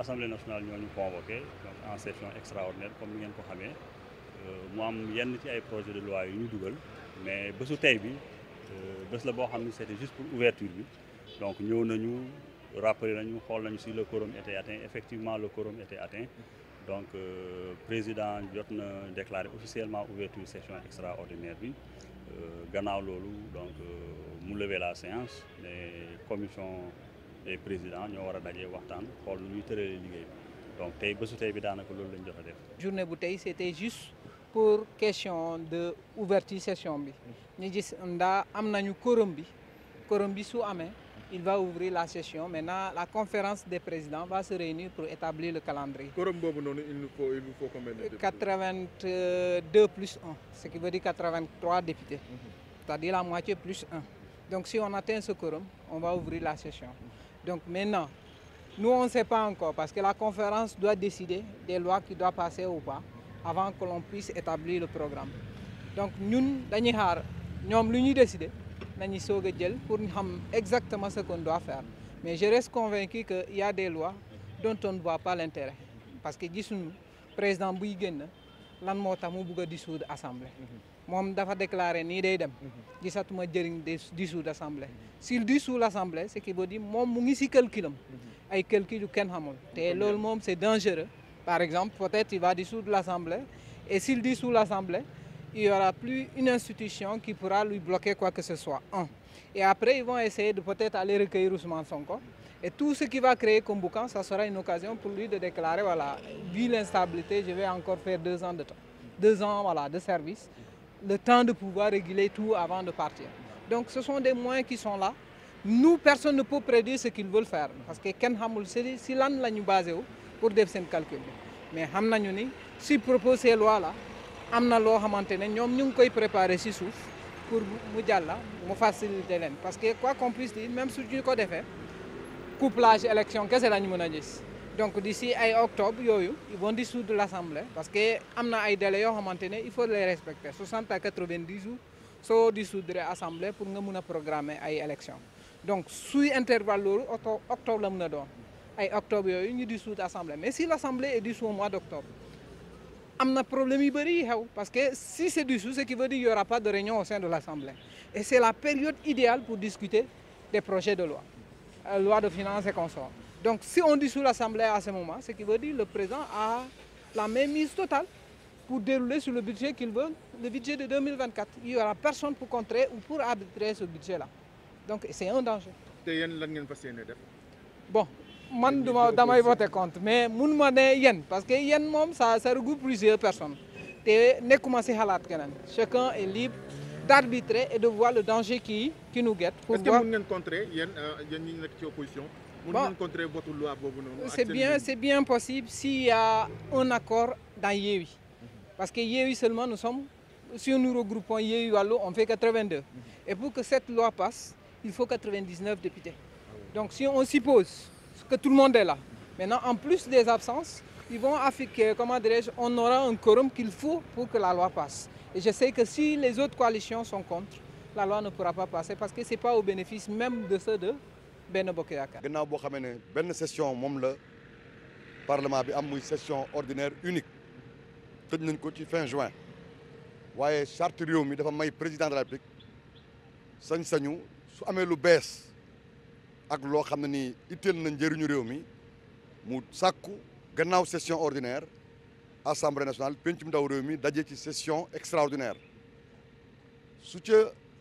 assemblée nationale ñoo ñu convoqué en session extraordinaire comme ni ngeen ko xamee euh, mu am yenn ci ay projet de loi yu ñu dugal mais bésu tey bi euh, bés la boo xam ne c'était juste pour ouverture bi donc ñëw nañu rappelé nañu xool nañu si le quorum était atteint effectivement le quorum était atteint donc euh, président jot na déclaré officiellement ouverture session extraordinaire bi gannaaw loolu donc mu lever la séance mais commission les présidents ñoo war a daje waxtaan xool nu ñuy tëralee liggéey bi donc tey bésu tey bi daanaka loolu lañ jot a def. journée bu tey c'était juste pour question de ouverture session bi ñu gis ndaa am nañu quorum bi quorum bi su amee il va ouvrir la session maintenant la conférence des présidents va se réunir pour établir le calendrier. quorum boobu noonu il nous faut il plus 1 ce qui veut dire 83 députés. Mhm. c'est-à-dire la moitié plus 1 donc si on atteint ce quorum on va ouvrir la session. Donc maintenant, nous, on ne sait pas encore parce que la conférence doit décider des lois qui doivent passer ou pas avant que l'on puisse établir le programme. Donc ñun dañuy xaar ñoom lu ñuy décider nañu soog a jël pour ñu xam exactement ce qu'on doit faire mais je reste convaincu que y a des lois dont on ne pas l'intérêt parce que gisuñu président buy génn lan moo tax mu bugg a dissoudre assemblée. moom dafa déclaré nii day dem mhm. gisatuma jëriñ dissoudre l'assemblée s'il dissout l'assemblée ce qui veut dire moom mu ngi si calculam mhm. ay calcul yu kenn xamul te loolu moom c'est dangereux par exemple peut-être il va dissoudre l'assemblée et s'il dissout l'assemblée il y aura plus une institution qui pourra lui bloquer quoi que ce soit un et après ils vont essayer de peut-être aller recueillir Ousmane Sonko et tout ce qui va créer comme boucan sera une occasion pour lui de déclarer voilà vu l'instabilité je encore faire deux ans voilà de service le temps de pouvoir réguler tout avant de partir. Donc ce sont des moyens qui son là. Nous, personne ne peut prédire ce qu'ils veulent faire. Parce que Ken Hamoul si l'on l'a basé pour faire ses calcul. Mais nous ni si propose ces lois-là, amna lo xamantene ñoom ñu ngi koy préparer si souf pour mu jalla mu faciliter len parce que quoi qu'on puisse même si ñu ko défé couplage élection qu'est-ce lañu mëna gis donc d'ici ay octobre yooyu ils vont dissoudre l'assemblée parce que am na ay délais yoo xamante ne il faut les respecter 60 à 90 jours soo dissoudre assemblée pour nga mun a programmer ay élections donc suy intervalle loolu octobre la mun a doon ay octobre yooyu ñu dissoudre assemblée mais si l'assemblée est dissoute au mois d'octobre am na problème yu bëri yi xew parce que si c'est dissous ce qui veut dire il y aura pas de réunion au sein de l'assemblée et c'est la période loi euh, loi de finances et Donc si on dissout l'Assemblée à ce moment, ce qui veut dire le président a la même mise totale pour dérouler sur le budget qu'il veut, le budget de 2024. Il n'y aura personne pour contrer ou pour arbitrer ce budget-là. Donc c'est un danger. Bon, moi, je voter contre, mais je ne peux pas parce que yen, ça, ça regroupe plusieurs personnes. Et ne commencez à Chacun est libre d'arbitrer et de voir le danger qui qui nous guette. pour est-ce que mën ngeen contrer yéen euh, yéen ñi nekk ci opposition. y a que Yewwi seulement nous sommes si nous regroupons Yewwi Wallu on fait et pour que cette loi passe faut 99 députés. donc si on suppose que tout le monde est là maintenant en plus des absences ils vont affecter comment un quorum qu'il faut pour que je sais que si les autres coalitions sont contre, la loi ne pourra pas passer parce que ce n'est pas au bénéfice même de ceux de Benno Bokk Yaakaar. gannaaw boo xamee ne benn session moom la parlement bi am muy session ordinaire unique tëj nañ ko ci fin juin waaye charte réew mi dafa may président de la République sañ-sañu su amee lu bees ak loo xam ne nii itteel na njëriñu réew mi mu sakku gannaaw session ordinaire. assemblée nationale pencum ndaw réew mi daje ci session extraordinaire su ca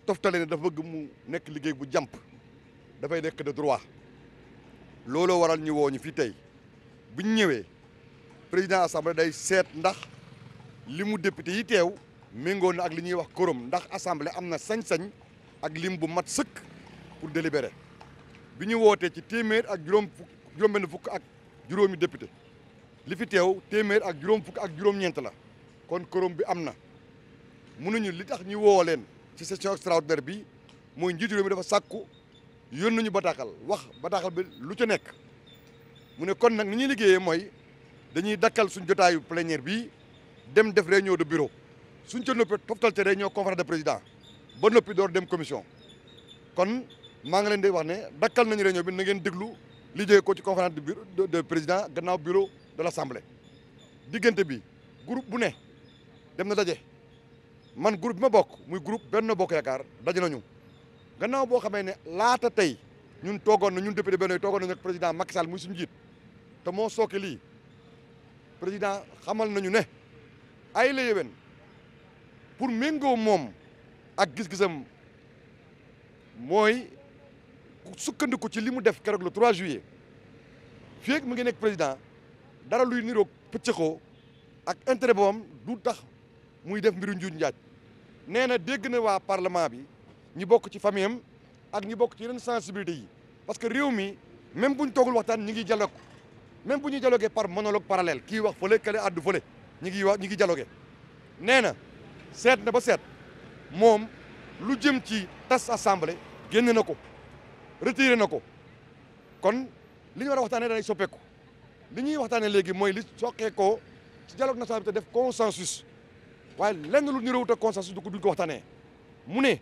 toftale ne dafa bëgg mu nekk liggéey bu jàmp dafay nekk de droit looloo waral ñu woo ñu fii tey bu ñëwee président assemblée day seet ndax li mu député yi teew méngoo na ak li ñuy wax quorum ndax assemblée am na sañ-sañ ak lim bu mat sëkk pour délibérer bi ñu wootee ci téeméer ak juróom fukk juróom benn fukk juróomi député li fi teew téeméer ak juróom fukk ak juróom-ñeent la kon korom bi am na nañu li tax ñu woo leen ci session extraordinaire bi mooy njiitu réew mi dafa sàkku yónnuñu ñu bataaxal wax bataaxal bi lu ca nekk mu ne kon nag ni ñuy liggéeyee mooy dañuy dakkal suñ jotaayu plénière bi dem def réunion de bureau suñ ca noppi toftal ca réunion conférence de président ba noppi door dem commission kon maa ngi leen di wax ne dakkal nañu réunion bi na ngeen déglu li jógee ko ci conférence de président gannaaw bureau de l'Assemblée diggante bi groupe bu ne dem na daje man groupe bi ma bokk muy groupe benn Bokk Yaakaar daje nañu gannaaw boo xamee ne laata tey ñun toogoon na ñun député Benno yi toogoon nañu ak président Macky Sall muy suñu jiit te moo sooke lii président xamal nañu ne ay la pour méngoo moom ak gis-gisam mooy sukkandiku ci li mu def keroog le juillet fii mu ngi nekk président. dara luy niroog pëccëxoo ak intérêt boobam du tax muy def mbiru njuuj njaaj nee na dégg na waa parlement bi ñu bokk ci famille am ak ñi bokk ci yeneen sensibilité yi parce que réew mi même bu ñu toogul waxtaan ñi ngi dialogue même bu ñuy dialogué par monologue parallèle kii wax fële kale addu fële ñi ngi wax ñi ngi nee na seet na ba seet moom lu jëm ci tas assemblée génne na ko retiré na ko kon li ñu war a waxtaanee danay soppeeku li ñuy waxtaanee léegi mooy li soqee koo ci dialogue national bi def consensus waaye lenn lu niroowut ak consensus du ko duñ ko waxtaanee mu ne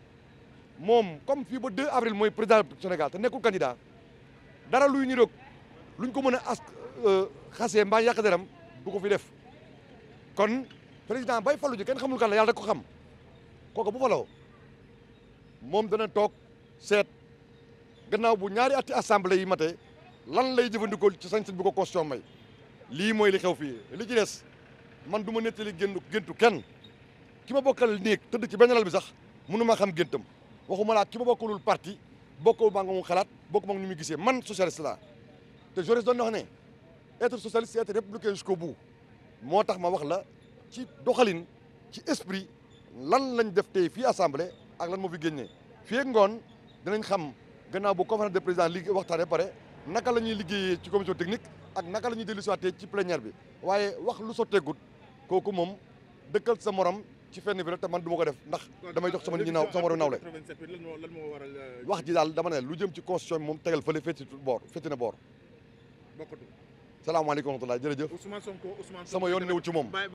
moom comme fii ba 2 avril mooy président Sénégal ta nekkul candidat dara luy niroog luñ ko mën a as euh, xasee mbaa yàq deram du ko fi def kon président bay falu ji kenn xamul kan la yàlla rek ko xam kooku bu faloo moom dana toog seet gannaaw bu ñaari atti assemblée yi mate lan lay jëfandikoo ci sañ-sañ ko constitution lii mooy li xew fii li ci man du ma nettali génn géntu kenn ki ma bokkal néeg tëdd ci benn bi sax mënu ma xam géntam waxuma laa ki ma bokkalul parti bokkul maa mu xalaat bokk ma ni muy gisee man socialiste laa te Jaurès doon ne être socialiste c'est être républicain jusqu'au bout moo tax ma wax la ci doxalin ci esprit lan lañ def tey fii assemblée ak lan moo fi génnee fii ak ngoon danañ xam gannaaw bu conférence de président lii waxtaanee pare naka la ñuy liggéeyee ci commission technique ak naka la ñuy dellu ci plénière bi waaye wax lu sotteegut kooku moom dëkkal sa morom ci fenn bi rek te man du ma ko def ndax damay jox sama nit ñi naaw sama morom nawle wax ji daal dama ne lu jëm ci constitution bi moom tegal fële fétti boor fétti na boor salaamaaleykum wa rahmatulah jërëjëf sama yoon newul ci moom